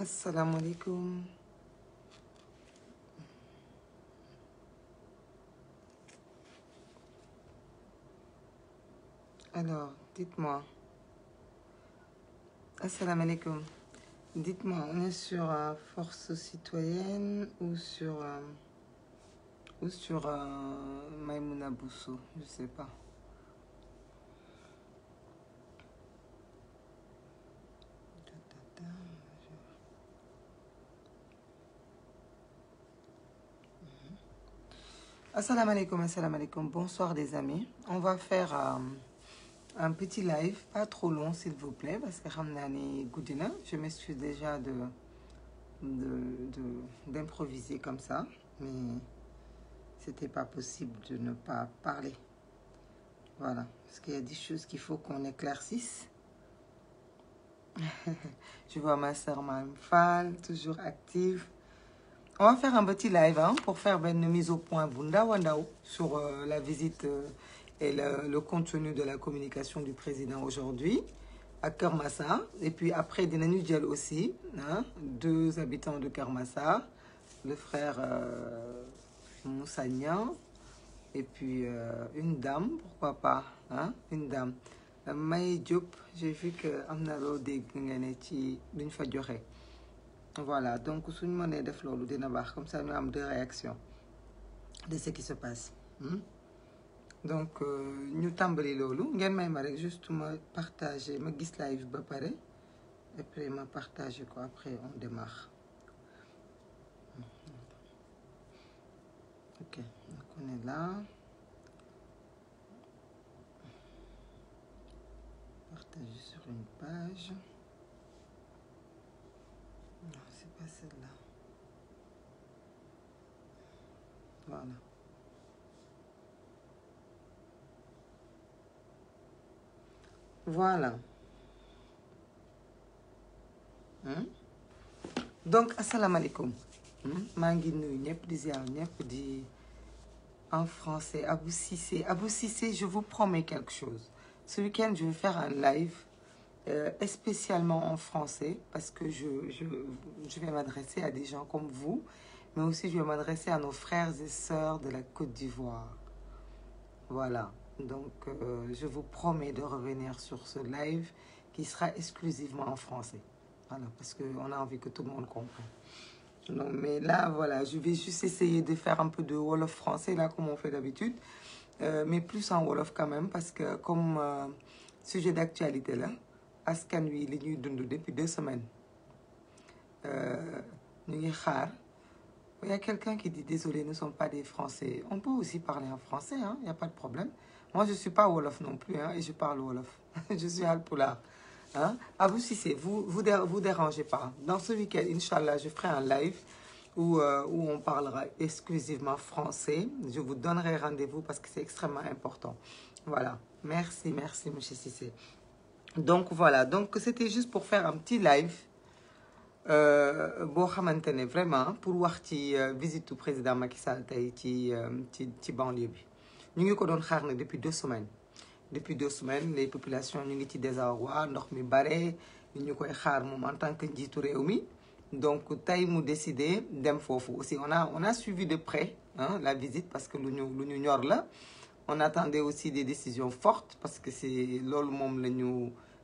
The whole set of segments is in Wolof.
Assalamu alaikum. alors dites-moi alaikum. dites-moi on est sur euh, force citoyenne ou sur euh, ou sur euh, Maïmouna Bousso je sais pas Assalamu alaikum, assalamu alaikum. Bonsoir des amis. On va faire euh, un petit live, pas trop long s'il vous plaît, parce que Ramnani Goudina, je m'excuse déjà de d'improviser comme ça, mais c'était pas possible de ne pas parler. Voilà, parce qu'il y a des choses qu'il faut qu'on éclaircisse. je vois ma sœur Manfal toujours active on va faire un petit live hein, pour faire ben, une mise au point Bunda sur euh, la visite euh, et le, contenu de la communication du président aujourd'hui à Kermassa. Et puis après, Dinanu Diel aussi, hein, deux habitants de Kermassa, le frère euh, et puis euh, une dame, pourquoi pas, hein, une dame. Maï Diop, j'ai vu que Amnalo Degungane d'une Fadjorek voilà donc suñ de def loolu de navarre comme ça nous avons des réactions de ce qui se passe hmm? donc euh, nous sommes loolu des may nous juste me partager ma guise live ba et puis ma partager quoi après on démarre ok donc on est là partager sur une page voilà là Voilà. Voilà. Hein? donc assalamu alaikum. Hein ngi n'y a di ziar di en français Abou Sissé. Abou je vous promets quelque chose ce week-end je vais faire un live euh, spécialement en français, parce que je, vais m'adresser à des gens comme vous, mais aussi je vais m'adresser à nos frères et sœurs de la Côte d'Ivoire. Voilà, donc euh, je vous promets de revenir sur ce live qui sera exclusivement en français. Voilà, parce qu'on a envie que tout le monde comprenne. Non, mais là, voilà, je vais juste essayer de faire un peu de Wolof français, là, comme on fait d'habitude. Euh, mais plus en Wolof quand même, parce que comme sujet d'actualité, là, askan wi li ñuy dund depuis deux semaines euh, il y a quelqu'un qui dit désolé nous ne sommes pas des français on peut aussi parler en français hein il n'y a pas de problème moi je ne suis pas wolof non plus hein et je parle wolof je suis hein. À vous, Sissé, vous vous vous dérangez pas dans ce week-end inchallah je ferai un live où, euh, où on parlera exclusivement français je vous donnerai rendez-vous parce que c'est extrêmement important voilà merci merci monsieur Sissé donc voilà donc c'était juste pour faire un petit live Euh, xamante ne vraiment hein, pour wax ci euh, visite du président Macky Sall Tahiti, euh, ci ci banlieue bi ñu ngi ko doon xaar depuis deux semaines depuis deux semaines les populations ñu ngi ci désarroi ndox mi bare ñu koy xaar moom en tant que njiitu mi donc tey mu décidé dem aussi on a on a suivi de près hein, la visite parce que lu ñu lu ñu ñor la on attendait aussi des décisions fortes parce que c'est loolu moom la ñu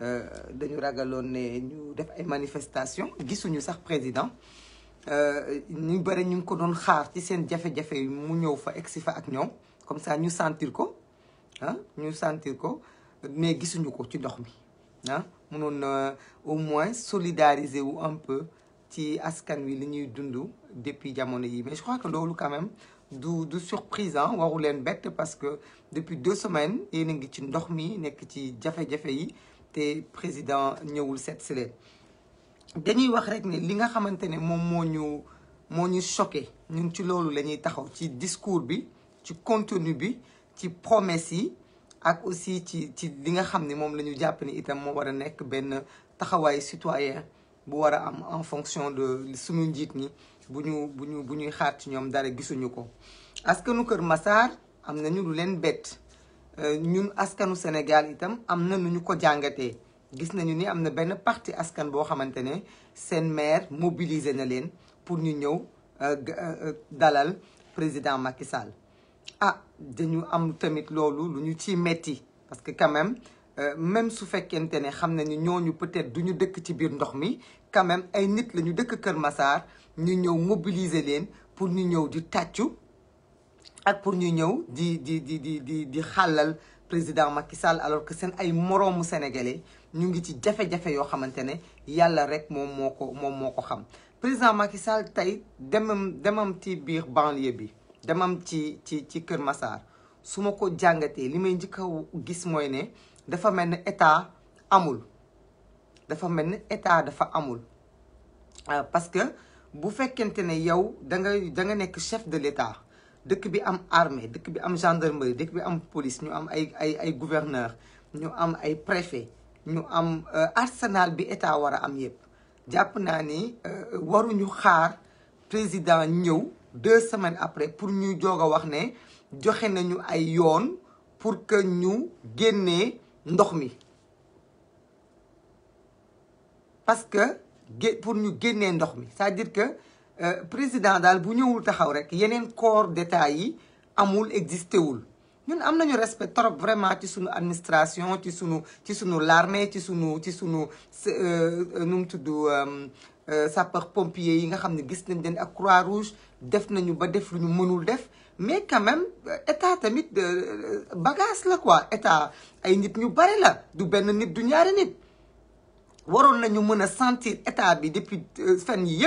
Euh, dañu ragaloon ne ñu def ay manifestation gisuñu sax président euh, ñu bëri ñu ngi ko doon xaar ci seen jafe-jafe mu ñëw fa egsi ak ñoom comme ça ñu sentir ko ah ñu sentir ko mais gisuñu ko ci ndox mi ah mënoon au moins solidariser un peu ci askan wi li ñuy dund depuis jamono yi mais je crois que lolu quand même du du surprise hein. waru len bête parce que depuis deux semaines yéen ngi ci ndox mi nek ci jafé jafé yi te président ñëwul set si leen dañuy wax rek ne li nga xamante ne moom moo ñu moo ñu choqué ñun ci loolu lañuy taxaw ci discours bi ci contenu bi ci promesse yi ak aussi ci ci li nga xam ni moom la ñu jàpp ni itam moo war a nekk benn taxawaay citoyen bu war a am en fonction de suñu njiit ñi bu ñu bu ñu bu ñuy xaar ci ñoom dara gisuñu ko askanu Kër Massar am nañu lu leen bett Euh, ñun askanu Sénégal itam am na nu ñu ko jàngatee gis nañu ni am na benn partie askan boo xamante ne seen maire mobiliser na leen pour ñu ñëw euh, euh, dalal président Macky Sall ah dañu am tamit loolu lu ñu ci metti parce que quand même même su fekkente ne xam nañu ñooñu peut-être du ñu dëkk ci biir ndox mi quand ay nit la ñu dëkk Kër Massar ñu ñëw mobiliser leen pour ñu ñëw di tàccu ak pour ñu ñëw di di di di di di xàllal président Macky Sall alors que seen ay moroomu sénégalais ñu ngi ci jafe-jafe yoo xamante ne yàlla rek moom moo ko moom moo ko xam président Macky Sall tey demam demam ci biir banlieue bi demam ci ci ci Kër Massar su ma ko jàngatee li may njëkk a gis mooy ne dafa mel ne état amul dafa mel ne état dafa amul euh, parce que bu fekkente ne yow da nga da nga nekk chef de l'état dëkk bi am armée dëkk bi am gendarmerie dëkk bi am police ñu am ay ay ay gouverneur ñu am ay préfet ñu am euh, arsenal bi état war a am yépp jàpp naa ni euh, waruñu xaar président ñëw deux semaines après pour ñu joog wax ne joxe nañu ay yoon pour que ñu génnee ndox mi parce que pour ñu génnee ndox mi c'est-à-dire que Euh, président daal bu ñëwul taxaw rek yeneen corps d'état yi amul existé wul ñun am nañu respect trop vraiment ci suñu administration ci sunu ci sunu l'armée ci sunu ci sunu euh, nu mu tudd euh, sapeur pompier yi nga xam ne gis nañ leen ak croix rouge def nañu ba def lu ñu mënul def mais quand même état tamit bagage la quoi état ay nit ñu bari du benn nit du ñaari nit waroon nañu mën a sentir état bi depuis fan yi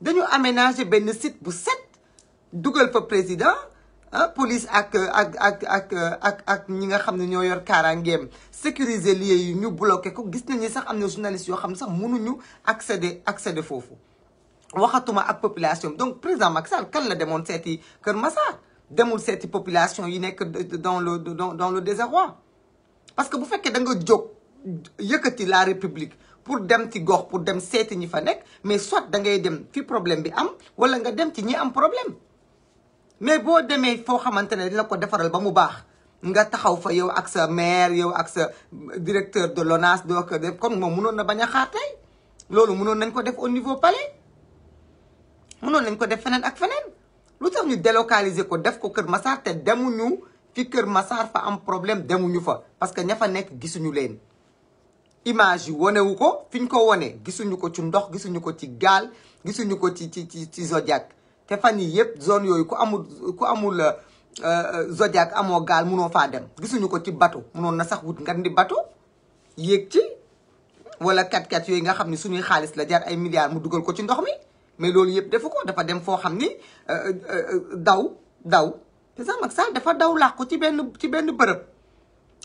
dañu aménager benn site bu set dugal pour président ah police ak ak ak ak ak ak ñi nga xam ne sécuriser lieux yi ñu bloqué ko gis nañu sax am na journaliste yoo xam sax mënuñu accéder accéder foofu waxatuma ak population donc président Macky quand kan la demande seeti Kër Massa, demul cette population yi que dans le dans le désarroi parce que bu fekkee da nga jóg yëkkati la république pour dem ci gox pour dem seeti ñi fa nekk mais soit da ngay dem fi problème bi am wala nga dem ci ñi am problème mais boo demee foo xamante ne dina ko defaral ba mu baax nga taxaw fa yow ak sa maire yow ak sa directeur de l'ONAS doo ko comme kon moom mënoon na bañ a loolu mënoon nañ ko def au niveau palais mënoon nañ ko def feneen ak feneen lu tax ñu délocaliser ko def ko Kër Massar te demuñu fi Kër masaar fa am problème demuñu fa parce que ña fa nekk gisuñu leen. image yi wane ko fi ñu ko wane gisuñu ko ci ndox gisuñu ko ci gaal gisuñu ko ci ci ci ci Zodiac te fan yii yëpp zone yooyu ku amul ku amul euh, euh, Zodiac amoo gaal munoo faa dem gisuñu ko ci bateau munoon na sax wut nga di bateau yéeg ci walla kat-kat yooyu nga xam ne suñuy xaalis la jar ay milliards mu dugal ko ci ndox mi mais loolu yëpp defu ko dafa dem foo xam ni euh, daw daw te sax mag sax dafa daw làqu ci benn ci benn bërëb.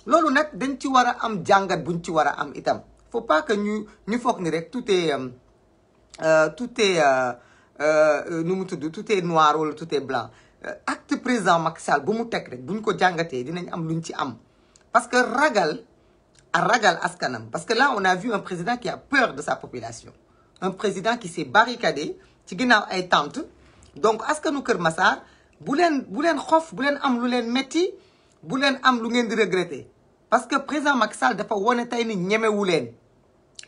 lolou nak dañ ci wara am jàngat buñ ci wara am itam faut pas que ñu ñu fokk ni rek tout est euh, euh, tout est euh, nu mu tudd tout est noir wala tout est blanc acte président Macky Sall bu mu tek rek buñ ko jàngatee dinañ am luñ ci am parce que ragal a ragal askanam parce que là on a vu un président qui a peur de sa population un président qui s'est barricadé ci ginnaaw ay tante donc askanu Kër Massar bu len bu len xof bu len am lu len metti bu leen am lu ngeen di regretter parce que président Macky Sall dafa wane tey ni ñemewu leen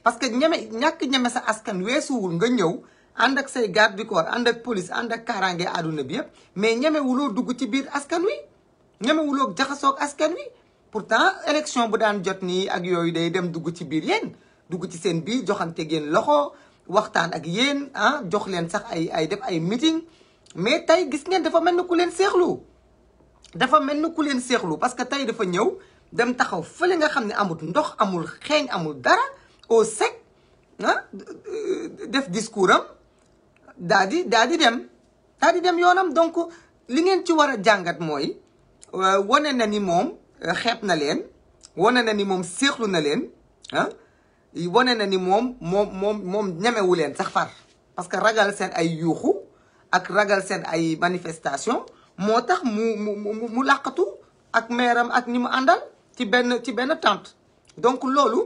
parce que ñeme ñàkk ñeme sa askan weesuwul nga ñëw ànd ak say garde du corps ànd ak police ànd ak kaaraange àdduna bi yëpp mais ñemewuloo dugg ci biir askan wi ñemewuloo jaxasoog askan wi pour temps élection bu daan jot nii ak yooyu day dem dugg ci biir yéen dugg ci seen biir joxante ngeen loxo waxtaan ak yéen ah jox leen sax ay ay def ay meeting mais tey gis ngeen dafa mel ni ku leen seexlu dafa mel ni ku leen seexlu parce que tey dafa ñëw dem taxaw fële nga xam ne amul ndox amul xeeñ amul dara au sec ah def discours am daa di daa di dem daa dem yoonam donc li ngeen ci war a jàngat mooy euh, wane na ni moom euh, xeeb na leen wane na ni moom seexlu na leen ah, wane na ni moom moom moom moom ñemewu leen sax far parce que ragal seen ay yuuxu ak ragal seen ay manifestation motax mu mu mu làqatu ak meram ak ñi mu àndal ci ben ci ben tante donc lolu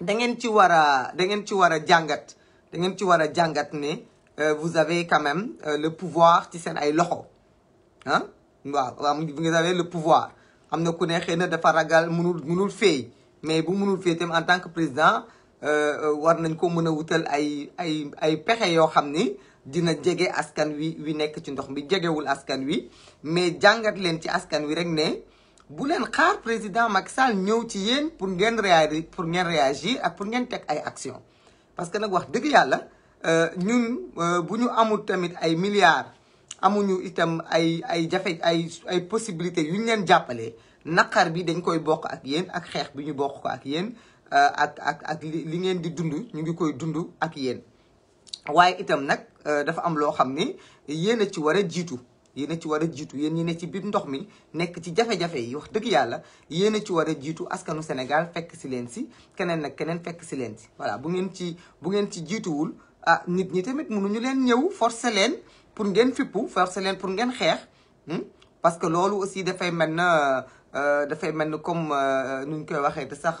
da ngeen ci wara da ngeen ci wara jangat da ngeen ci wara jangat ne euh, vous avez quand même euh, le pouvoir ci seen ay loxo ah hein? wa vous avez le pouvoir am na ku ne xëy dafa ragal munul munul fey mais bu munul fey tam en tant que président euh, war nañ ko mën a ay ay ay pexe yo xamni dina jege askan wi wi nekk ci ndox mi jegewul askan wi mais jàngat leen ci askan wi rek ne bu leen xaar président Macky Sall ñëw ci yéen pour ngeen réagir pour ngeen réagir ak pour ngeen teg ay action parce que nag wax dëgg yàlla euh, ñun euh, bu ñu amul tamit ay milliards amuñu itam ay ay jafe ay ay possibilités yu ñu leen jàppalee naqar bi dañ koy bokk ak yéen ak xeex bi ñu bokk ko ak yéen euh, ak ak ak li ngeen di dund ñu ngi koy dund ak yéen waaye itam nag Euh, dafa am loo xam ni yéen a ci war a jiitu yéen a ci war a jiitu yéen ñi ne ci biir ndox mi nekk ci jafe-jafe yi wax dëgg yàlla yéen a ci war a jiitu askanu Sénégal fekk si leen si keneen nag keneen fekk si leen si voilà bu ngeen ci bu ngeen ci jiituwul ah nit ñi tamit mu ñu leen ñëw forcer leen pour ngeen fippu forcer leen pour ngeen xeex hmm? parce que loolu aussi dafay mel na euh, dafay mel na comme euh, nu ñu koy waxee te sax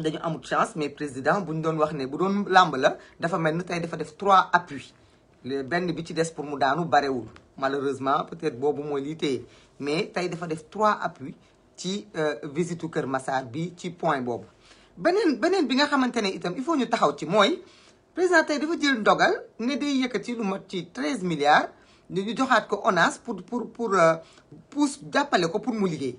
dañu amul chance mais président bu ñu doon wax ne bu doon làmb la dafa mel ni tey dafa def trois appuis benn bi ci des pour mu daanu barewul malheureusement peut-être boobu mooy lii téye mais tey dafa def trois appuis ci euh, visitu Kër Massar bi ci point boobu. beneen beneen bi nga xamante ne itam il faut ñu taxaw ci mooy président tey dafa jël ndogal ne day yëkkati lu mat ci treize milliards ñu joxaat ko ONAS pour pour pour euh, pousse jàppale ko pour mu liggéey.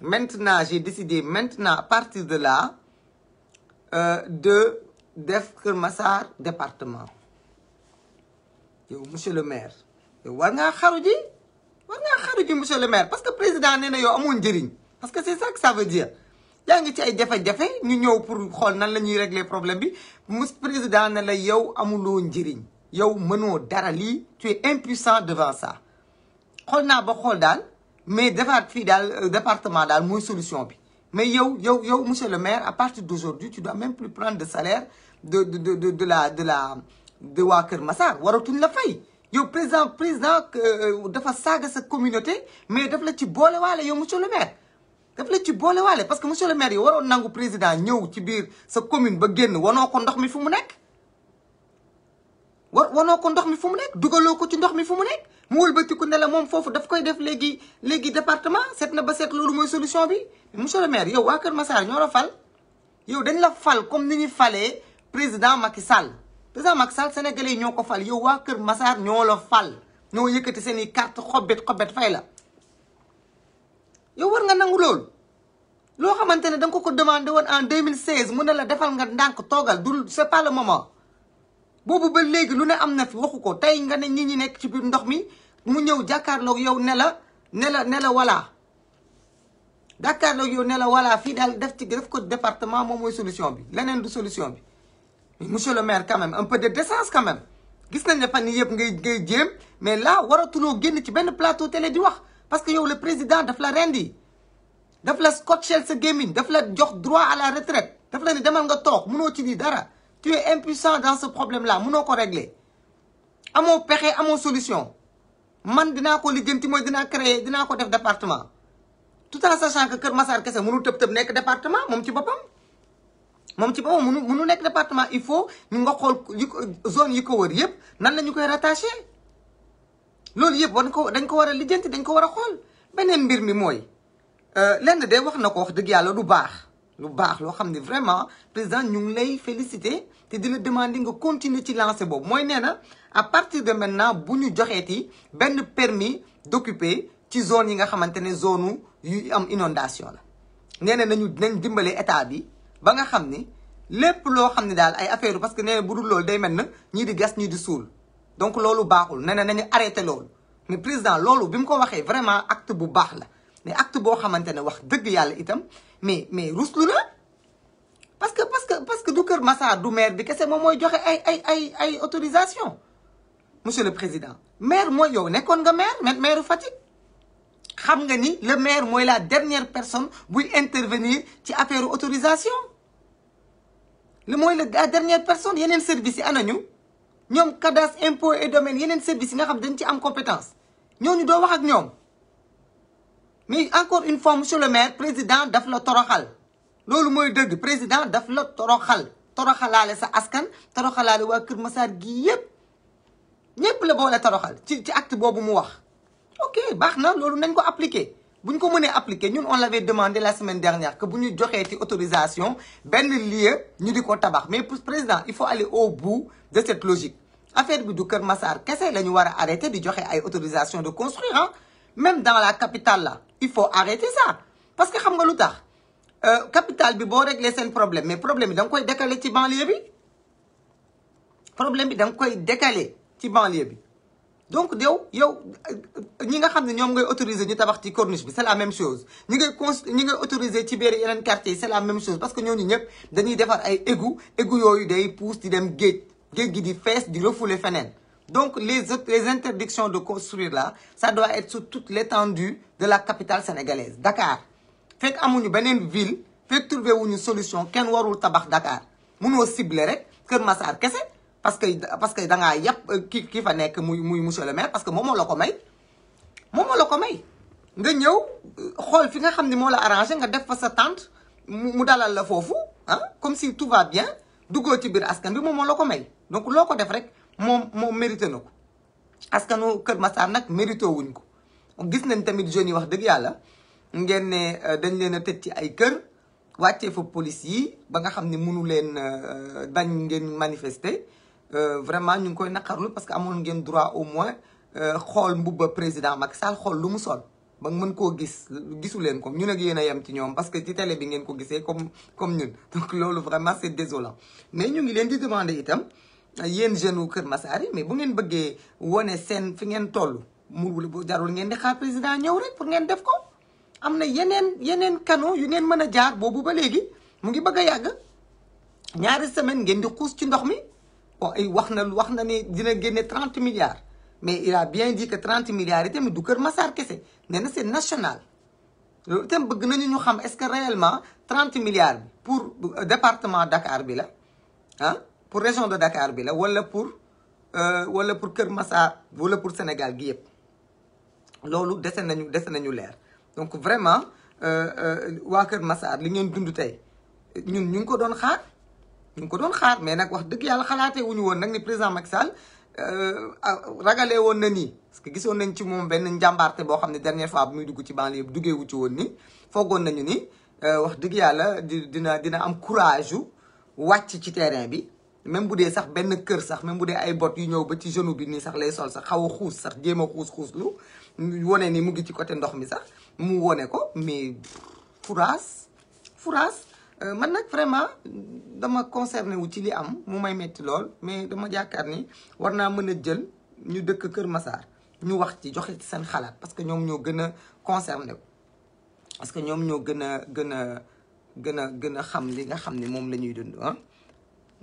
maintenant j'ai décidé maintenant à partir de là euh, de défendre Massar département monsieur le maire war monsieur le maire parce que le président est na yow amoon parce que c'est ça que ça veut dire yaa ngi ci ay jafe-jafe ñu pour voir nan la régler problème bi le président un homme. yow un dara d'Arali. tu es impuissant devant ça xool ba xool mais defaat fii daal euh, département daal mooy solution bi mais yow yow yow monsieur le maire à partir d'aujourd'hui tu dois même plus prendre de salaire de de de de de la de la de waa Kër Massar waratuñ la fay yow président président euh, euh, dafa saga sa communauté mais daf la ci boole waale yow monsieur le maire daf la ci le waale parce que monsieur le maire yi waroon nangu président ñëw ci biir sa commune ba génn wanoo ko ndox mi fu mu nekk wa wanoo ko ndox mi fu mu nekk dugaloo ko ci ndox mi fu mu mu wëlbatiku ne la moom foofu daf koy def léegi léegi département seet na ba set loolu mooy solution bi monsieur le maire yow waa Kër Massar ñoo la fal yow dañ la fal comme ni ñu falee président Macky Sall président Macky Sall sénégalais yi ñoo ko fal yow waa Kër Massar ñoo la fal ñoo yëkkati seen i carte xobbet xobbet fay la yow war nga nangu loolu loo xamante ne da ko ko demandé woon en 2016 mu ne la defal nga ndànk toogal du c'est pas le moment boobu ba léegi lu ne am na waxu ko tey nga ne ñi ñi nekk ci biir ndox mi mu dakar jàkkaarloog yow nela, nela Nela la dakar département solution solution monsieur le maire quand même un peu de décence quand même gis mais là waratuloo génn ci plateau télé di wax parce que le président daf la rendi daf la scotchel droit à la retraite daf la ni demal nga tu es impuissant dans ce problème là à ko régler amoo à amoo solution. man dinaa ko lijjanti mooy dina créer dinaa ko def département tout en sachant que Kër Massar kese mënu tëb tëb nekk département moom ci boppam. moom ci boppam mënu mënu nekk département il faut ñu nga xool yi ko zone yi ko wër yëpp nan la ñu koy rattaché loolu yëpp wan ko dañ ko war a lijjanti dañ ko war a xool beneen mbir mi mooy euh, lenn de wax na ko wax dëgg yàlla lu baax lu baax loo xam ne vraiment président ñu lay féliciter. te dina demander nga continuer ci lancer boobu moy nee na à partir de maintenant buñu joxéti joxeeti benn permis d'occuper ci zone yi nga xamante zone yu am inondation la nee nañu nañ dimbalé état bi ba nga xam ni lépp loo xam ne ay affaire parce que néna budul bu dul loolu day mel na ñii di gas ñi di suul donc loolu baaxul néna nañu arrêté loolu mais président loolu bi ko waxé vraiment acte bu baax la mais acte bo xamante wax deug yalla itam mais mais ruslu na parce que parce que parce que du massa du maire bi kese moom mooy joxe ay ay ay ay autorisation monsieur le président maire moy yow nekkoon nga maire met maire Fatick xam nga ni le maire moy la dernière personne buy intervenir ci affaire autorisation le moy la dernière personne yeneen service yi ana ñu ñoom impôt et domaine yeneen service nga xam dañ ci am compétence ñooñu do wax ak ñom mais encore une fois monsieur le maire président daf la toroxal lolou moy deug président daf la toroxal toroxalale sa askan toroxalale wa keur Massar gi yëpp ñepp la boole toroxal ci ci acte bobu mu wax. ok baxna lolou loolu nañ ko appliquer buñ nous ko mëne appliquer ñun on l'avait demandé la semaine dernière que buñu joxé ci autorisation benn lieu ñu diko du tabax mais pour président il faut aller au bout de cette logique. affaire bi du keur Massar kessé lañu wara arrêter di joxé ay autorisation de construire hein? même dans la capitale là il faut arrêter ça parce que xam nga lutax euh, capital bi bo régler ce problème mais problème dang koy décaler ci banlieue bi problème bi dang koy décaler ci banlieue bi donc yow yow ñi nga xamni ñom autoriser ñu tabax ci corniche c'est la même chose ñi ngay autorisé ñi ngay autoriser ci quartier c'est la même chose parce que ñu ñep dañuy défar ay égout égout yoyu day pousse di dem des géej di di refouler donc les les interdictions de construire là ça doit être sur toute l'étendue de la capitale sénégalaise Dakar fekk amuñu benen ville fekk trouvé wuñu solution ken warul tabakh Dakar munoo cibler rek keur Massar kessé parce que parce que da nga yàpp euh, ki ki fa nek muy muy monsieur le maire parce que momo lako may momo lako may nga ñew euh, xol fi nga xamni ne moo la arrangé nga def fa sa tante mu dalal la fofu hein comme si tout va bien duggoo ci bir askan bi momo lako may donc loko def rek moom moom mérité nako askanu keur Massar nak mérité wuñ ko gis nañ tamit jeunes yi wax deug yalla ngeen ne euh, dañ leen a tëj ci ay kër wàccee fa police yi ba nga xam ni munu leen euh, dañ ngeen manifester euh, vraiment ñu ngi koy naqarlu parce que amoon ngeen droit au moins xool mbubba président Macky Sall xool lu mu sol ba mën koo gis gisu leen ko ñun ak yéen a yem ci ñoom parce que ci télé bi ngeen ko gisee comme comme ñun donc loolu vraiment c'est désolant mais ñu ngi leen di demander itam yéen jeunes wu Kër Massar yi mais bu ngeen bëggee wone seen fi ngeen toll mu jarul ngeen di xaar président ñëw rek pour ngeen def ko am na yeneen yeneen canaux yu ngeen mën a jaar boobu ba léegi mu ngi bëgg a yàgg ñaari semaine ngeen di xuus ci ndox mi oh, eh, wax na wax na ne dina génne trente milliards mais il a bien dit que trente milliards yi tamit du Kër Massar kese nee na c'est national loolu itam bëgg nañu ñu xam est-ce que réellement trente milliards bi pour euh, département Dakar bi la ah pour région de Dakar bi la wala pour euh, wala pour Kër Massar wala pour Sénégal gi yëpp loolu dese nañu dese nañu leer donc vraiment euh, euh, waa Kër Massar li ngeen dund tey ñun ñu ngi ko doon xaar ñu ngi ko doon xaar mais nag wax dëgg yàlla xalaatee wuñu woon nag ni président Macky Sall euh, ragalee woon na nii parce que gisoon nañ ci moom benn njàmbaarte boo xam ne dernière fois bu muy dugg ci banlieue yëpp duggee wu ci woon ni foogoon nañu ni wax dëgg yàlla di dina dina am courage wàcc ci terrain bi même bu dee sax benn kër sax même bu dee ay bot yu ñëw ba ci genou bi nii sax lay sol sax xaw xuus sax jéem a xuus xuus lu wone ni mu ngi ci côté ndox mi sax mu wone ko mais furaas furaas euh, man nak vraiment dama concerné wu ci li am mou may metti lol mais dama jàkkaar ni war naa mën ñu dëkk Kër Massar ñu wax ci joxe ci sen xalaat parce que ñom ño gën a concerné parce que ñom ño gën a gën a xam li nga xam ne moom la dund hein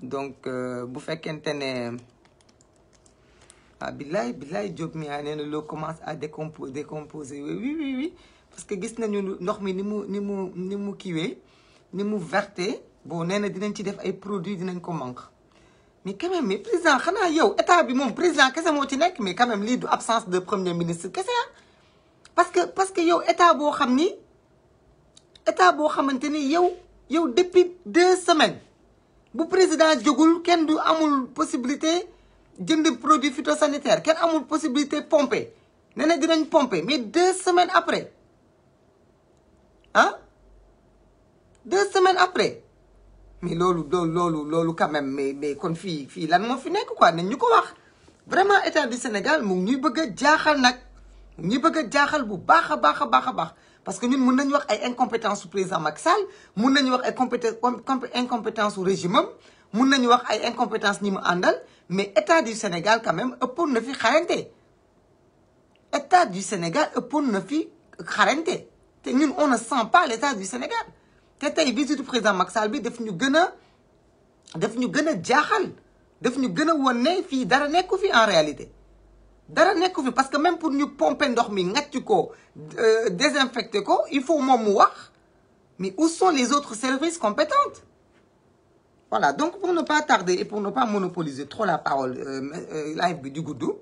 donc euh, bu fekkente ne ah billaay billaay Diop mi nee na commence à décomposer décomposer oui oui oui parce que gis nañu ni mu ni mu ni mu verté bon produits mais quand même mais président xana yow état bi président qu'est-ce ci mais quand même l'absence de premier ministre ah. parce que parce que yow état état yow yow depuis deux semaines bu président djogul ken du amul possibilité jënd produit phytosanitaire ken amul possibilité pomper néna dinañ pomper mais deux semaines après ah deux semaines après mais lolo lolo lolo quand même mais mais kon fii fii lan moo fi quoi n'est ñu ko wax vraiment état du Sénégal mu ngi ñuy bëgg a jaaxal nag mu ngi bëgg a bu parce que ñun mun nañu wax ay incompétence au président Macky Sall mun nañu wax ay compétence incompétence au régime am mun nañu wax ay incompétence ñi mu mais état du Sénégal quand même pour na fi xarante état du Sénégal pour na fi xarante nous, on ne sent pas l'état du Sénégal te tey le président Macky Sall bi daf ñu gën a ñu gën a jaaxal ñu n'y a en réalité dara fi parce que même pour nous pomper nous mi euh, désinfecter ko il faut au moins wax mais où sont les autres services compétents voilà donc pour ne pas tarder et pour ne pas monopoliser trop la parole euh, euh, live du Goudou.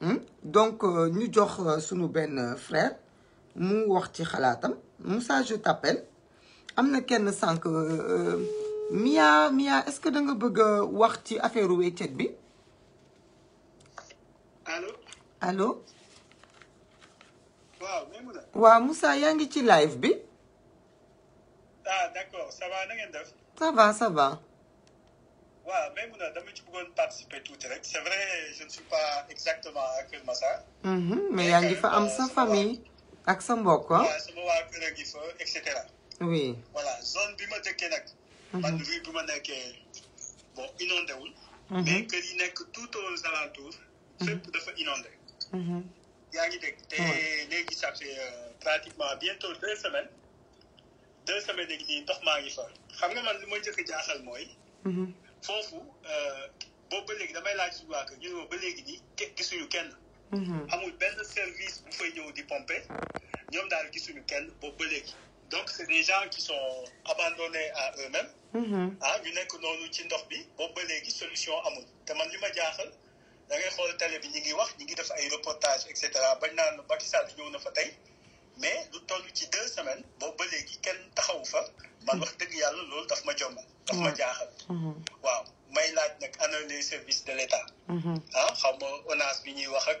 Hmm, donc ñu jox sunu benn frère mu wax ci xalaatam Moussa je t'appelle am na kenn sànq euh, Mia Mia est-ce que da nga bëgg a wax ci affaire wéccet bi allo allo. waaw waaw Moussa yaa ngi ci live bi. ah d'accord ça va na ngeen def. ça va ça va. waaw Maïmouna dama ci bëggoon participer tuuti rek c'est vrai je ne suis pas exactement à Kër Massar. Mhm, mais yaa ngi fa am sa euh, famille ak sa mbokk sama waa kër a ngi fa et cetera. oui voilà zone bi ma dëkkee nag. man mhm. rue bi ma nekkee bon inondé wul. Mhm. mais kër yi nekk tout aux alentours. Mhm. fépp dafa inondé. yaa ngi dégg te léegi ça fait euh, pratiquement bientôt deux semaines deux semaines léegi nii ndox maa ngi fa. xam nga man li ma njëkk a jaaxal mooy. foofu euh, boobu ba léegi damay laaj suñu waa kër ñu ne ma ba léegi nii gisuñu kenn. Mm-hmm. amul benn service bu fay ñëw di pompé ñoom daal gisuñu kenn boobu ba léegi donc c' est des gens qui sont abandonnés à eux-mêmes mm-hmm. ah ñu nekk noonu ci ndox bi boobu ba léegi solution amul te man li ma jaaxal da ngay xool télé bi ñu ngi wax ñu ngi def ay reportage et cetera bañ naan Macky Sall ñëw na fa tey mais lu toll ci deux semaines boobu ba léegi kenn taxawu fa man wax dëgg yàlla loolu daf ma jommal daf ma mm-hmm. jaaxal waaw may laaj nag ana les services de l' état ah xaw ma ONAS bi ñuy wax ak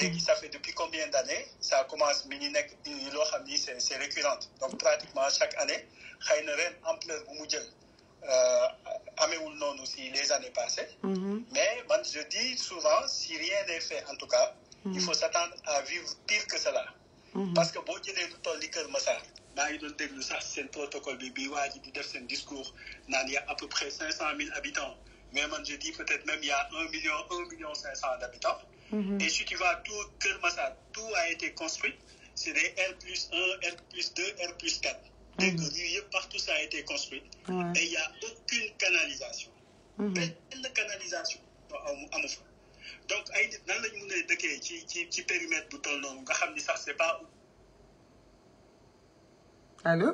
Mais ça fait depuis combien d'années ça commence c'est c'est récurrente donc pratiquement chaque année y a une ampleur bu mu jël euh, non aussi les années passées mhm. mais je dis souvent si rien n'est fait en tout cas il mhm. faut s'attendre à vivre pire que cela mhm. parce que si tu lu toll li Kër Massar sax protocole bi bi waa di def sen discours Il y a à peu près 500 000 habitants mais je dis peut-être même il y a 1 million 1 million 500 d'habitants Mm-hmm. Et si tu vois tout Kermassa, tout a été construit. C'est des R plus 1, R plus 2, R plus 4. Dès que partout ça a été construit. Et il n'y a aucune canalisation. une mm-hmm. canalisation Donc il y nan lañ gens a des ci ci périmètre bu toll noonu nga xam ni c'est pas. Allô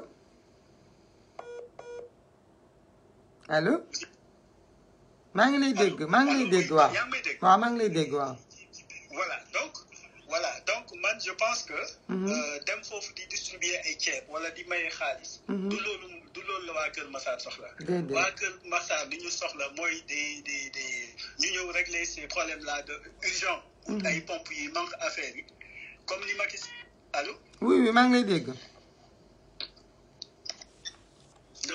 allô Je ngi des je maa ngi lay dégg voilà donc voilà donc man je pense que. Mhm. Euh, dem fofu di distribuer ay ceeb wala di maye xaalis. Mhm. du loolu du loolu la waa Kër Massar soxla. waa Kër Massar li ñu soxla mooy des des des ñu ñëw régler ces problèmes là de urgent. Mhm. ay pompes yi manque affaire yi comme ni ma allô oui oui maa ngi lay dégg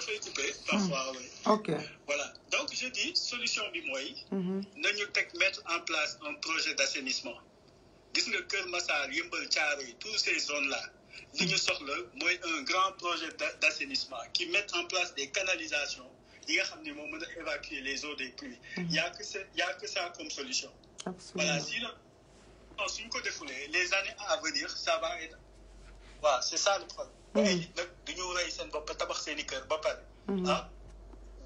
fais coupé parfois hmm. oui. ok voilà donc je dis solution nous nous nous devons mettre en place un projet d'assainissement Disons nga cœur massal Yëmbal Thiaroye toutes ces zones là li ñu soxla moi un grand projet d'assainissement qui met en place des canalisations il y a un moment d'évacuer évacuer les eaux des pluies mhm. y a que ça y a que ça comme solution voilà si on se ko les années à venir ça va être voilà c'est ça le problème ay nit nag dañu rey seen bopp tabax seen i kër ba pare mhm. ah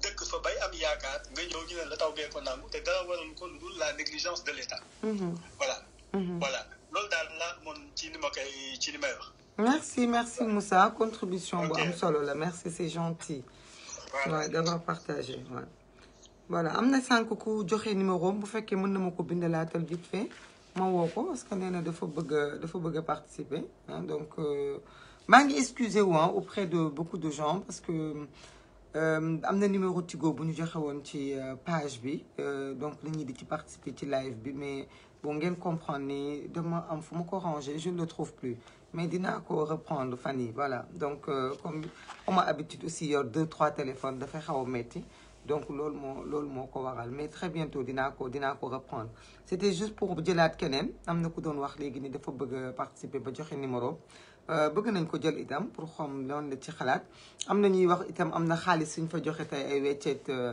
dëkk fa bay am yaakaar nga ñëw ñu ne la taw bee ko nangu te dara waral ko lu dul la négligence de l'état mhm. voilà mhm. voilà loolu daal la mon ci ni ma koy ci ni may wax merci merci Moussa contribution bu am solo la merci c'est gentil waaw d'avoir partagé waaw voilà am na sànq ku joxe numéro bu fekkee mën na ma ko bindalaatal vite fait ma woo ko parce que nee na dafa bëgg a dafa bëgg a participer hein, donc euh, Mang, excusez-moi wu hein, auprès de beaucoup de gens parce que euh, am numéro Tigo bu ñu joxe ci euh, page bi euh, donc la ñuy di ci participer ci live bi mais bon ngeen comprendre demain dama am encore ko ranger je ne le trouve plus mais Dinako ko reprendre Fanny, voilà donc comme comme habitude aussi a deux trois téléphones dafay xaw a metti donc l'ol moo loolu moo waral mais très bientôt Dinako Dinako reprendre C'était juste pour jëlaat keneen am na ku doon wax léegi ni dafa bëgg participer ba joxe numéro. Euh, bëgg nañ ko jël itam pour xom noonu la ci xalaat am na ñuy wax itam am na xaalis suñ fa joxe tey ay weccet euh,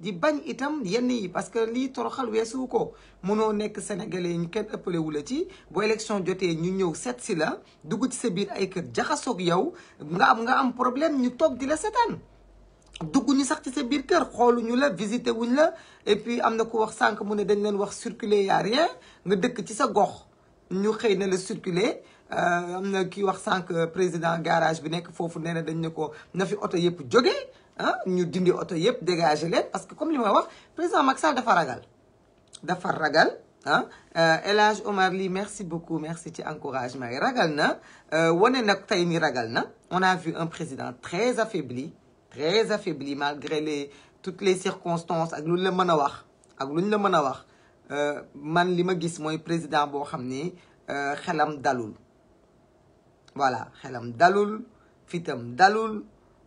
di bañ itam yenn yi parce que lii toroxal weesu ko mënoo nekk sénégalais ñu kenn ëppale ci bu élection jotee ñu ñëw seet si la dugg ci sa biir ay kër jaxasoog yow nga am nga am problème ñu toog di la seetaan dugg ñu sax ci sa biir kër xooluñu la visité wuñ la et puis am na ku wax sànq mu ne dañ leen wax circuler y a nga dëkk ci sa gox ñu xëy na la circuler euh, am na kii wax sànq président garage bi nekk foofu nee na dañ ne ko na fi oto yëpp jógee. nous ah, ñu dindi auto yëpp dégager leen parce que comme li ma wax président Macky Sall dafa ragal dafa ragal ah euh Hadj Omar li merci beaucoup merci ci encouragement ragal na euh, woné nak tay ni ragal na on a vu un président très affaibli très affaibli malgré les toutes les circonstances ak luñ la mëna wax ak luñ la mëna wax euh man li ma gis moy président bo xamné euh xelam dalul voilà xelam dalul fitam dalul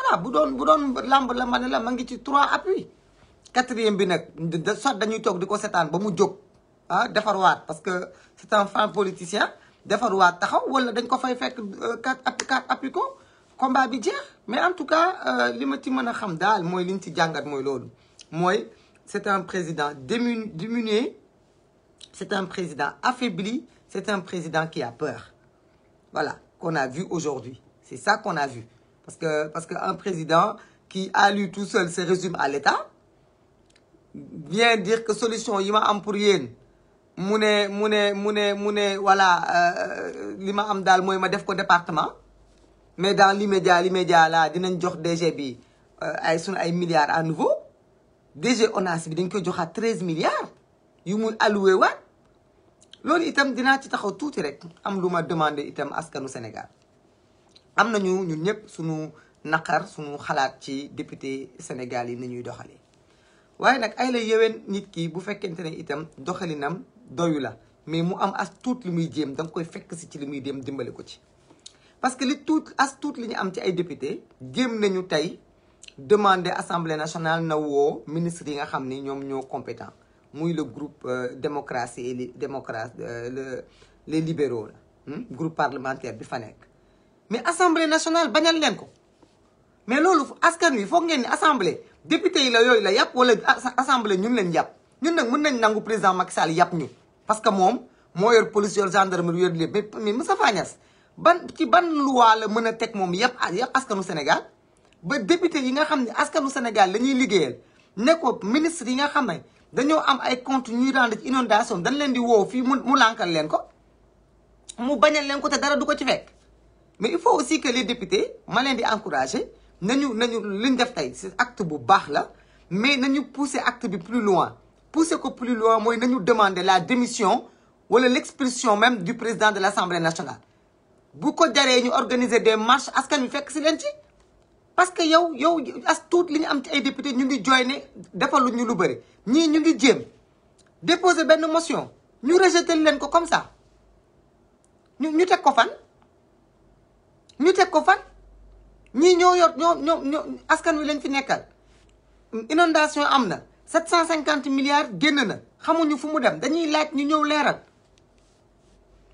voilà bu doon bu doon lamb la la ma ngi ci trois appui quatrième bi nag soit dañuy tok diko sétane ba mu jóg ah defarwaat parce que c'est un fan politicien defarwaat taxaw wala dañ ko fay fekk euh, quatre appui quatre appui ko combat bi jeex mais en tout cas euh, lima ci mën xam dal moy liñ ci jangat moy loolu moy c'est un président dému diminué c'est un président affaibli c'est un président qui a peur voilà qu'on a vu aujourd'hui c'est ça qu'on a vu parce que parce qu'un président qui a lu tout seul se résume à l'État vient dire que solution yi ma am pour yéen mu ne mu ne mu voilà euh, euh, li ma am daal mooy ma def ko département mais dans l'immédiat l'immédiat là dinañ jox DG bi euh, ay sunu ay milliards à nouveau DG ONAS bi dañ koy joxaat treize milliards il muy alloué waat loolu itam il ci taxaw tuuti rek am lu ma demandé itam askanu Sénégal am nañu ñun ñëpp suñu naqar suñu xalaat ci député Sénégal yi ni ñuy doxalee waaye nag ay la yewen nit ki bu fekkente ne itam doxalinam doyu la mais mu am as tuut li muy jéem da koy fekk si ci li muy dem dimbale ko ci parce que li tuut as tuut li ñu am ci ay député jéem nañu tey demander assemblée nationale na woo ministre yi nga xam ni ñoom ñoo compétent muy le groupe euh, démocratie et démocratie euh, le les libéraux la hmm, groupe parlementaire bi fa nekk mais assemblée nationale bañal leen ko mais loolu askan wi foog ngeen ni assemblée député yi la yooyu la yàpp wala assemblée ñun leen yàpp ñun nag mën nañ nangu président Macky Sall yàpp ñu parce que moom moo yor police yor gendarmerie yor lépp mais mais Moustapha Niasse ban ci ban loi la mën a teg moom yàpp yàpp askanu Sénégal ba député yi nga xam ne askanu Sénégal la ñuy liggéeyal ne ko ministre yi nga xam ne dañoo am ay compte ñuy rendre ci inondation dañ leen di wow fii mu mu lànkal leen ko mu bañal leen ko te dara du ko ci fekk mais il faut aussi que les députés malin leen encourager nous nañu li ñu def c'est acte bu mais nous pousser acte bi plus loin pousser que plus loin moi nous demander la démission ou l'expulsion même du président de l'Assemblée nationale bu ko nous organiser des marches à ce fekk fait parce que yow yow as nous, li ñu am nous, ay nous, ñu ngi nous, nous, nous, nous, lu ñu ngi nous, déposer une motion nous, rejeter leen ko comme ça nous, nous, teg ko ñu tek ko fan ñi ñoo yor ñoo ñoo askan wi lañ fi nekkal inondation am na sept milliards génn na xamuñu fu mu dem dañuy laaj ñu ñëw leeral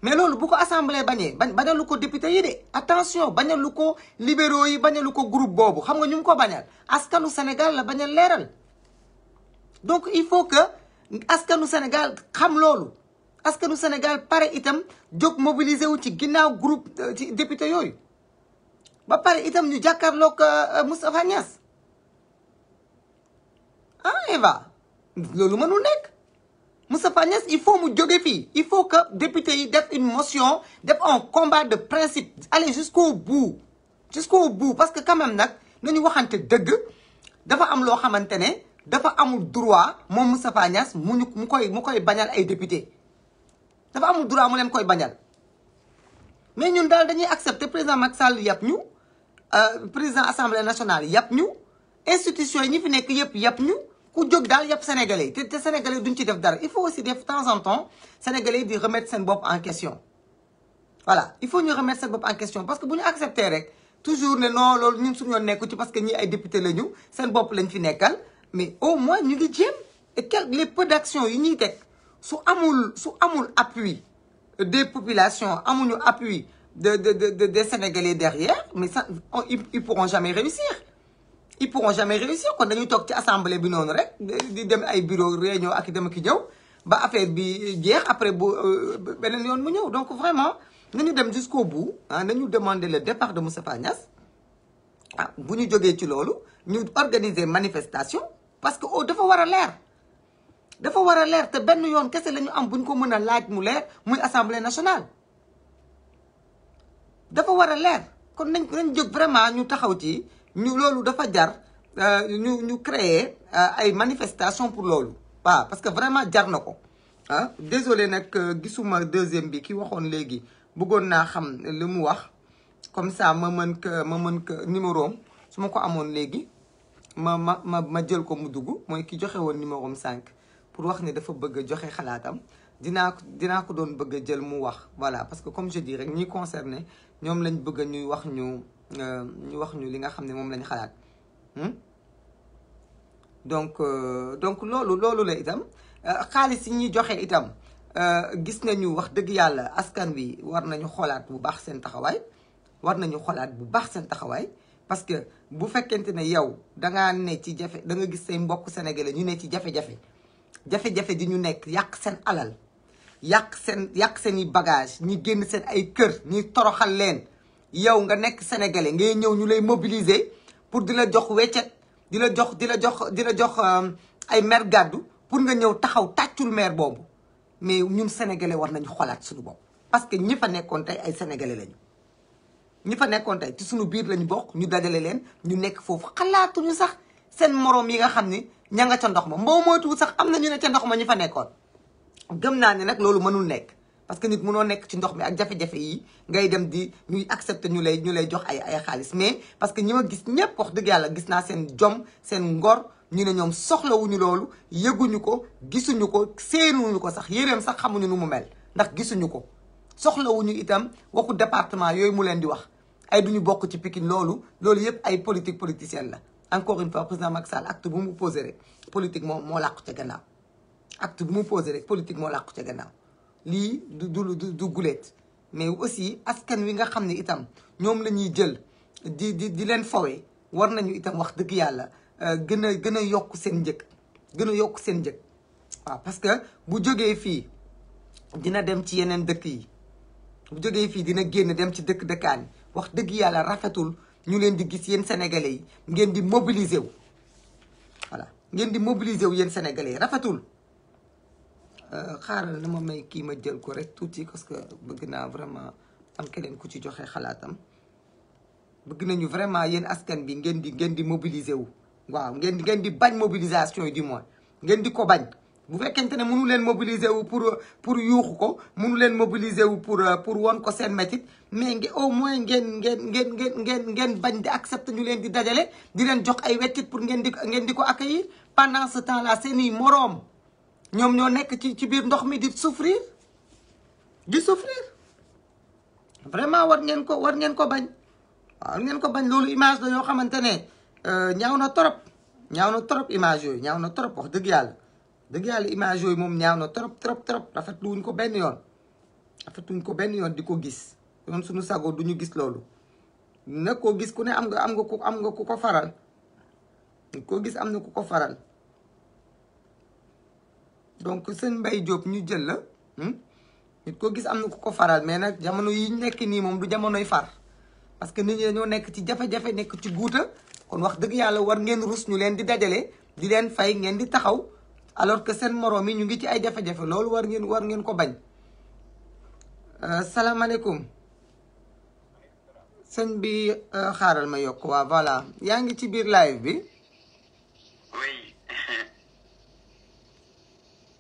mais loolu bu ko assemblée bañee bañ bañalu ko député yi de attention bañalu ko libéraux yi bañalu ko groupe boobu xam nga ñu ko bañal askanu Sénégal la bañal leeral donc il faut que askanu Sénégal xam loolu askanu Sénégal pare itam jóg mobiliser wu ci ginnaaw groupe euh, ci député yooyu ba pare itam ñu ko eh, Moustapha Niass ah Eva loolu mënul nekk Moustapha Niass il faut mu jóge fi il faut que député yi def une motion def un combat de principe aller jusqu'au bout jusqu'au bout parce que quand même nak nañu waxante deug dafa am lo xamantene dafa amul droit moom Moustapha Niass mu koy mu koy bañal ay député dafa amul droit mu len koy bañal mais ñun dal dañuy accepter président Macky Sall yapp ñu euh, président assemblée nationale il ñu institution yi ñi fi nek yëpp yàpp ñu ku jog dal yàpp sénégalais té sénégalais duñ ci def il faut aussi de temps en temps sénégalais di remettre sen bop en question voilà il faut ñu remettre sen bop en question parce que si on accepter rek toujours ne non loolu ñun suñu nekku ci parce que ñi ay député le sen bop bopp lañ fi nekkal mais au moins nous ngi et quel les peu d'action yi ñi tek su amul su amul appui des populations amuñu appui de, de, de, des Sénégalais derrière, mais ça, on, ils, ils pourront jamais réussir. Ils pourront jamais réussir quand dañuy toog ci assemblée bi noonu rek di dem ay bureau réunion ak dem ki ñëw ba affaire bi jeex après bu euh, beneen yoon mu ñëw donc vraiment nañu dem jusqu'au bout ah nañu demander le départ de Moustapha Niasse ah bu ñu jógee ci loolu ñu organiser manifestation parce que oh dafa war l'air leer dafa war a te benn yoon kese la ñu am bu ñu ko mën a laaj mu leer muy assemblée nationale dafa war a leer kon nañ nañ jóg vraiment ñu taxaw ci ñu loolu dafa jar euh, ñu ñu créer euh, ay manifestation pour loolu waaw parce que vraiment jar na ko ah désolé nag euh, gisuma deuxième bi ki waxoon léegi bëggoon naa xam li mu wax comme ça ma mën que ma mën que numéro am su ma ko amoon léegi ma ma ma ma jël ko mu dugg mooy ki joxe woon numéro 5 cinq pour wax ne dafa bëgg a joxe xalaatam dinaa ko dinaa ko doon bëgg a jël mu wax voilà parce que comme je dis rek ñi concerné ñoom lañ bëgg ñuy wax ñu euh, ñu wax ñu li nga xam ne moom lañ xalaat hmm? donc euh, donc loolu loolu la itam euh, xaalis yi ñuy joxe itam gis nañu wax dëgg yàlla askan wi war nañu xoolaat bu baax seen taxawaay war nañu xoolaat bu baax seen taxawaay parce que bu fekkente ne yow dangaa ne ci jafe da nga gis say mbokk sénégalais ñu ne ci jafe-jafe jafe-jafe di ñu nekk yàq seen alal yàq seen yàq seen i bagage ñi génn seen ay kër ñi toroxal leen yow nga nekk sénégalais ngay ñëw ñu lay mobiliser pour di la jox weccet di la jox di la jox di la jox euh, ay maire gàddu pour nga ñëw taxaw tàccul maire boobu mais ñun sénégalais war nañu xolaat suñu bopp. parce que ñi fa nekkoon tey ay sénégalais lañu ñi fa nekkoon tey ci suñu biir lañu bokk ñu dajale leen ñu nekk foofu xalaatuñu sax seen moroom yi nga xam ni ña nga ca ndox ma mboo moytuwul sax am na ñu ne ca ndox ma ñi fa nekkoon. gëm naa ni nag loolu mënul nekk parce que nit mënoo nekk ci ndox mi ak jafe-jafe yi ngay dem di ñuy accepter ñu lay ñu lay jox ay ay xaalis mais parce que ñi ma gis ñëpp wax dëgg yàlla gis naa seen jom seen ngor ñu ne ñoom soxlawuñu loolu yëguñu ko gisuñu ko seenuñu ko sax yéreem sax xamuñu nu mu mel ndax gisuñu ko soxlawuñu itam waxu département yooyu mu leen di wax ay duñu bokk ci Pikine loolu loolu yëpp ay politique politicienne la encore une fois président Macky Sall acte bu mu posé rek politique moom moo làqu ca gannaaw acte bu mu posé rek politique moo làqu ci gannaaw li du du du guleet mais aussi askan wi nga xam itam ñom lañuy jël di di di len fawee war nañu itam wax deug yalla gëna gëna yok sen jëk gëna yok sen jëk wa parce que bu joggé fi dina dem ci yenen dëkk yi bu joggé fi dina génn dem ci dëkk dëkkaan wax deug yalla rafetul ñu len di gis yeen sénégalais yi ngeen di mobiliser wu voilà ngeen di mobiliser wu yeen sénégalais yi rafetul Euh, xaaral na ma may kii ma jël ko rek tuuti parce que bëgg naa vraiment am keneen ku ci joxe xalaatam bëgg nañu vraiment yéen askan bi ngeen di ngeen di mobiliser wu. waaw ngeen di ngeen di bañ mobilisation yi du moins ngeen di ko bañ bu fekkente ne mënu leen mobiliser wu pour pour yuuxu ko mënu leen mobiliser wu pour pour won ko seen métit mais nge au moins ngeen ngeen ngeen ngeen ngeen ngeen bañ di accepter ñu leen di dajale di leen jox ay weccit pour ngeen di ngeen di ko accueillir pendant ce temps là seeni moroom. ñoom ñoo nekk ci ci biir ndox mi di souffrir di souffrir vraiment war ngeen ko war ngeen ko bañ war ngeen ko bañ loolu image la yoo xamante ne euh, ñaaw na trop ñaaw na trop image yooyu ñaaw na trop wax dëgg yàlla dëgg yàlla image yooyu moom ñaaw na trop trop trop rafetlu ko benn yoon rafetlu wuñ ko benn yoon di ko gis yoon suñu sago du ñu gis loolu na koo gis ku ne am nga am nga ku am nga ku ko faral ko gis am na ku ko faral donc seen mbay Diop ñu jël la hmm? nit ko gis am na ku ko faral mais nag jamono yi nekk nii moom du jamonoy far parce que nit ñi nekk ci jafe-jafe nekk ci guuta kon wax dëgg yàlla war ngeen rus ñu leen di dajale di leen fay ngeen di taxaw alors que seen moroom yi ñu ngi ci ay jafe-jafe loolu war ngeen war ngeen ko bañ euh, salaamaaleykum sëñ bi euh, xaaral ma yokk waa voilà yaa ngi ci biir live bi.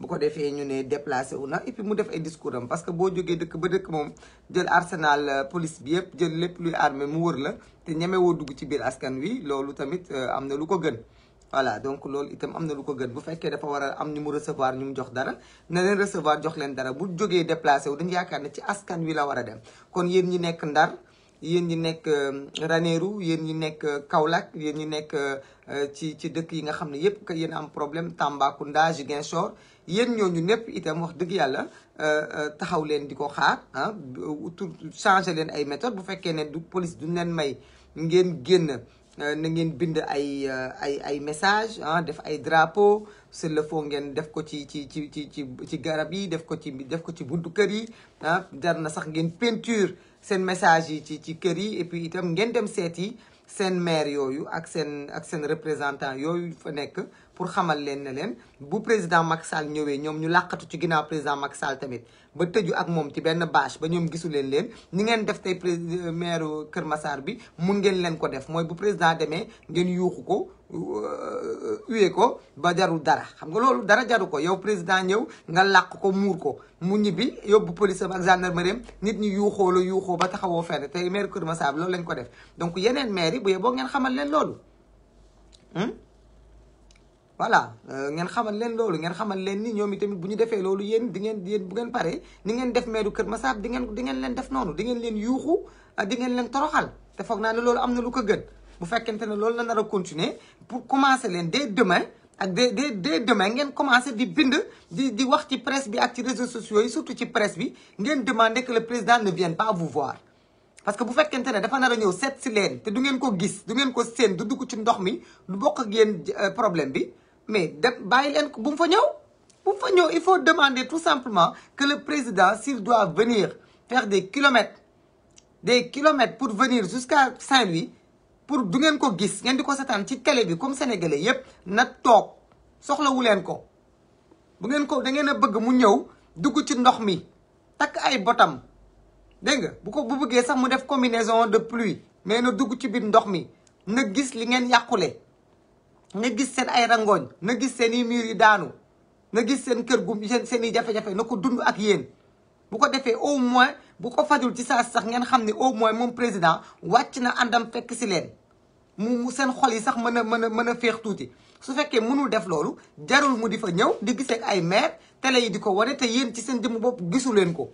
bu ko defee ñu ne déplacé wu na et mu def ay discours am parce que boo jógee dëkk ba dëkk moom jël arsenal euh, police bi yëpp jël lépp luy armée mu wër la te ñemewoo dugg ci biir askan wi loolu tamit euh, am na lu ko gën. voilà donc loolu itam am na lu ko gën bu fekkee dafa war a am ñu mu recevoir ñu mu jox dara na leen recevoir jox leen dara bu jógee déplacé wu dañu yaakaar ne ci askan wi la war a dem kon yéen ñi nekk Ndar. yéen ñi nekk euh, Ranérou yéen ñi nekk Kaolack yéen ñi nekk ci ci dëkk yi nga xam ne yépp que yéen am problème Tambacounda Ziguinchor yéen ñooñu ñëpp itam wax dëgg yàlla euh, euh, taxaw leen di ko xaar ah tout changé leen ay méthode bu fekkee ne du police duñ leen may ngeen génn euh, ngeen bind ay ay ay message ah def ay drapeau seen le fond ngeen def ko ci ci ci ci ci ci garab yi def ko ci def ko ci buntu kër yi ah jar na sax ngeen peinture seen message yi ci ci kër yi et itam ngeen dem seeti seen maire yooyu ak seen ak seen représentant yooyu fa nekk pour xamal leen ne leen bu président Macky Sall ñëwee ñoom ñu làqatu ci ginnaaw président Macky Sall tamit ba tëju ak moom ci benn bâche ba ñoom gisu leen leen ñi ngeen def tey maire Kër Massar bi mun ngeen leen ko def mooy bu président demee ngeen yuuxu ko uye ko ba jarul dara xam nga loolu dara jaru ko yow président ñëw nga làq ko muur ko mu ñibbi yóbbu police am ak gendarmerie nit ñi yuuxoo la yuuxoo ba taxawoo fenn tey maire Kër Massar bi loolu lañ ko def donc yeneen maire yi bu yeboo ngeen xamal leen loolu voilà euh, ngeen xamal ce xamal ni di ni def di di def di ah, di toroxal continuer pour commencer dès demain dès demain ngeen commencer di bind di di wax ci presse bi ak ci réseaux sociaux surtout ci presse bi ngeen demander que le président ne vienne pas vous voir parce que bu fekkente ne dafa vous ñëw Vous ci leen te du ngeen ko gis du ngeen ko vous du dugg ci mi du bokk euh, problème mais dem bàyyi ko bu fa bu fa il faut demander tout simplement que le président s'il doit venir faire des kilomètres des kilomètres pour venir jusqu'à Saint-Louis pour du ngeen ko gis ngeen di ko setaan ci télé bi comme sénégalais yépp na toog soxlawu leen ko bu ngeen ko da ngeen a bëgg mu ñew duggu ci ndox mi tak ay botam dégg nga bu ko bu bëggee sax mu def combinaison de pluie mais na duggu ci biir ndox mi na gis li ngeen yàqule nga gis seen ay rangooñ na gis seen i mur yi daanu na gis seen kër gu seen i jafe-jafe na ko dund ak yéen bu ko defee au moins bu ko fajul ci saa sax ngeen xam ne au moins moom président wàcc na àndam fekk si leen mu seen xol yi sax mën a mën a mën a féex tuuti su fekkee mënul def loolu jarul mu di fa ñëw di gisee ay mair télé yi di ko wane te yéen ci seen jëmm bopp gisu leen ko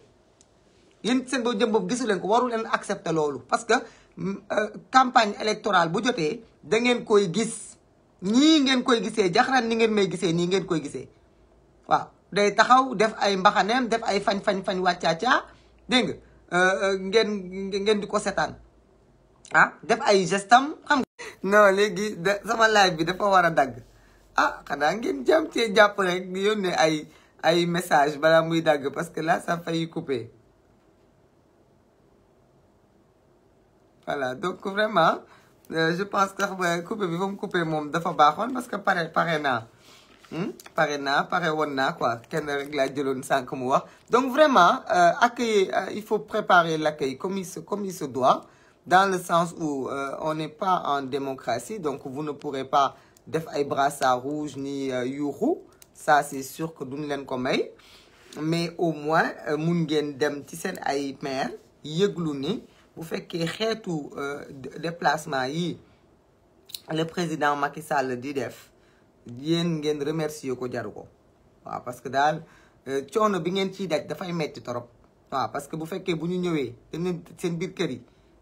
yéen ci seen jëmm bopp gisu leen ko warul leen accepter loolu parce que euh, campagne électorale bu jotee da ngeen koy gis ñii ngeen koy gisee jaxran ni ngeen may gisee nii ngeen koy gisee waaw day taxaw def ay mbaxaneem def ay fañ-fañ-fañ wàccaacaa dégg nga euh, euh, ngeen ngeen di ko setaan ah, def ay gestam am non léegi da sama live bi dafa war a dagg ah xanaa ngeen jam cee jàpp rek di yónnee ay ay message balaa muy dagg parce que là ça failli couper voilà donc vraiment Euh, je pense que coupe bi ba mu coupé moom dafa baxone parce que pare pare n'a hmm? pare naa pare woon naa quoi kenn rek laa jëloon sank mu wax donc vraiment euh, accueil euh, il faut préparer l'accueil comme il se comme il se doit dans le sens où on n'est pas en démocratie donc vous ne pourrez pas def ay brassard rouge ni yuru ça c'est sûr que duñ len ko may mais au moins moun ngène dem ci sen ay maire yëglu ni bu fekkee euh, de déplacement yi le président Macky Sall di def yeen ngeen remercier ko jaru ko wa parce que dal euh, choono bi ngeen ci daj fay metti torop wa parce que bu fekke bu ñu dañu seen biir kër yi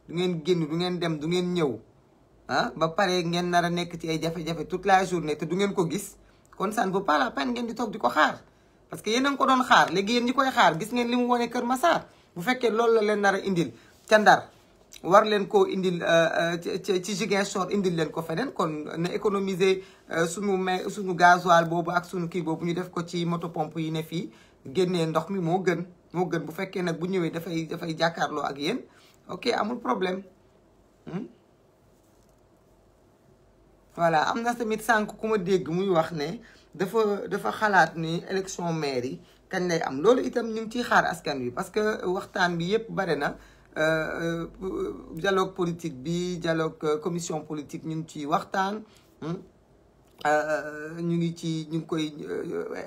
du ngeen genn du ngeen dem du ngeen ñëw ah ba pare ngeen nara nek ci ay jafe-jafe toute la journée te du ngeen ko gis kon ça ne vaut pas la peine ngeen di tok diko ko xaar parce que yeen a ko doon xaar légui yeen ñi koy xaar gis ngeen limu woné Kër massa bu fekke loolu la leen nara indil ca Ndar war leen koo indil euh, euh, ci Ziguinchor indil leen ko feneen kon na économiser euh, suñu ma suñu gasoil boobu ak suñu kii boobu ñu def ko ci moto pompe yi ne fii génnee ndox mi moo gën moo gën bu fekkee nag bu ñëwee dafay dafay jàkkaarloo ak yéen ok amul problème hmm? voilà am na tamit sànq ku ma dégg muy wax ne dafa dafa xalaat ne élection maire yi kañ lay am loolu itam ñu ngi ciy xaar askan wi parce que waxtaan bi yépp bare na Euh, euh, dialogue politique bi dialogue euh, commission politique ñu ngi ciy waxtaan hmm? ñu ngi ci ñu ngi koy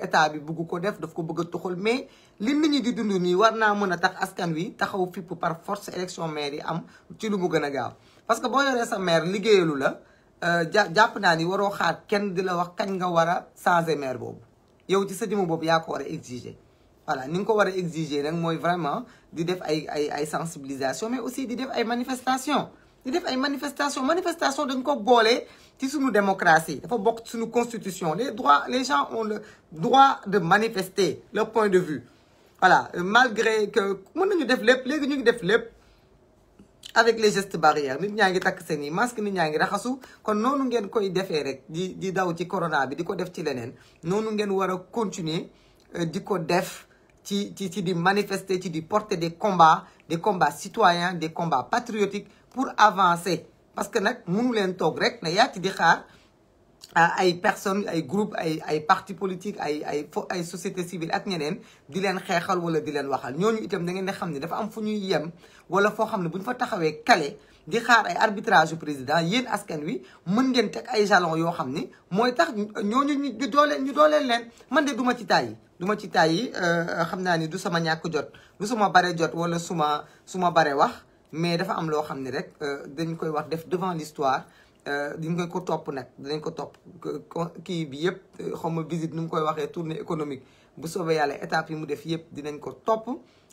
état bi bugg ko def daf ko bëgg a toxal mais li nit ñi di dund nii war naa mën a tax askan wi taxaw fipp par force élection maire yi am ci lu mu gën a gaaw parce que boo yoree sa maire liggéeyalu la jàpp naa ni waroo xaat kenn di la wax kañ nga war a changer maire boobu yow ci sa jëmm boobu yaa ko war a exiger voilà ni nga ko war a exiger nag mooy vraiment di def ay ay ay sensibilisation mais aussi di def ay manifestation di def ay manifestation manifestation dañ ko boolee ci suñu démocratie dafa bokk suñu constitution les droits les gens ont le droit de manifester leur point de vue voilà euh, malgré que mën nañu def lepp légui ñu ngi def lepp avec les gestes barrières nit ñaa ngi takk seen masque nit ñaa ngi raxasu kon nonu ngeen koy défé rek di di daw ci corona bi di ko def ci lenen nonu ngeen wara a continuer euh, di ko def tu ci manifester tu porter des combats des combats citoyens des combats patriotiques pour avancer parce que nous, nous tous toog rek qui ah, personnes des groupes ay partis politiques sociétés civiles. société civile ak ñeneen di gens des ne dafa am di xaar ay arbitrage yu président yéen askan wi mën ngeen teg ay jalon yoo xam ni mooy tax ñooñu ñu dooleel ñu dooleel leen man de duma ci tàyyi duma ci tàyyi euh, xam naa ni du sama ñàkk jot du sama bare jot wala suma suma bare wax mais dafa am loo xam ni rek euh, dañ koy wax def devant l'histoire euh, dañ nga ko topp nag dinañ ko topp kii bi yëpp xaw ma visite nu mu koy waxee tournée économique bu soobee yàlla étape yi mu def yëpp dinañ ko topp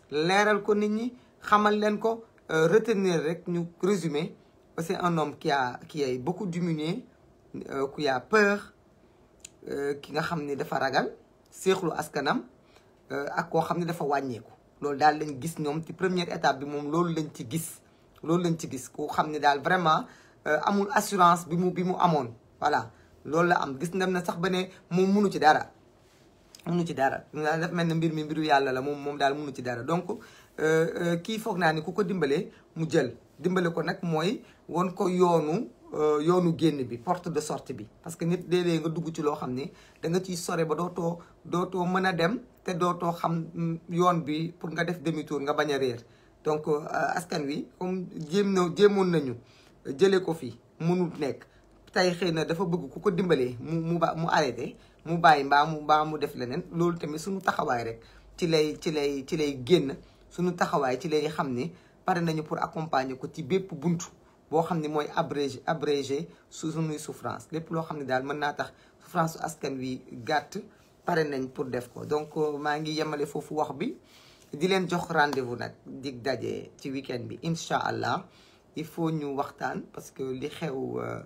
leeral ko nit ñi xamal leen ko Euh, retenir rek ñu résumer c'est un homme qui a qui a beaucoup diminué euh, qui a peur qui euh, nga xam ne dafa ragal le askanam ak quoi xam de dafa wàññeeku loolu daal lañ gis ñoom ci première étape bi moom loolu lañ ci gis loolu lañ ci gis ku xam ne vraiment vraiment amul assurance bi mu bi mu voilà loolu la am gis nam na sax ba ne moom munu ci dara munu ci dara dafa mel ne mbir mi mbiru yàlla la moom moom daal munu ci dara donc Euh, euh, kii foog naa ni ku ko dimbale mu jël dimbale ko nag mooy wan ko yoonu euh, yoonu génn bi porte de sortie bi parce que nit léeg-léeg nga dugg ci loo xam ne da nga ciy sore ba dootoo dootoo mën a dem te doo too xam mm, yoon bi pour nga def demi tour nga bañ a réer donc askan wi comme jéem na jéemoon nañu jëlee ko fi mënut nekk tey xëy na dafa bëgg ku ko dimbale mu mu ba mu arrêté mu bàyyi mbaa mu mbaa mu def leneen loolu tamit suñu taxawaay rek ci lay ci lay ci lay génn suñu taxaway ci lañuy xam paré nañu pour accompagner ko ci bép buntu bo xam moy abrégé abrégé su suñuy souffrance lépp lo xam dal daal mën naa tax souffrance askan wi gàtt paré nañ pour def ko donc euh, ma ngi yemalé fofu wax bi di len jox rendez-vous nak dig dajé ci weekend bi inshallah il faut ñu waxtaan parce que li xew euh,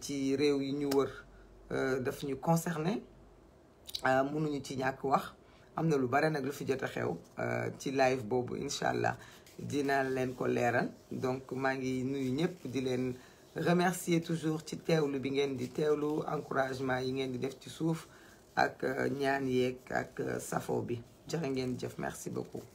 ci réew yi ñu wër euh, daf ñu concerner euh mënu ñu ci ñak wax am na lu bare nak lu fi jotta xew euh, ci live boobu inshallah dina len ko leral donc ma ngi nuyu ñepp di len remercier toujours ci teewlu bi ngeen di teewlu encouragement yi ngeen di def ci souf ak euh, ñaan yek ak euh, safo bi jërë ngeen jëf merci beaucoup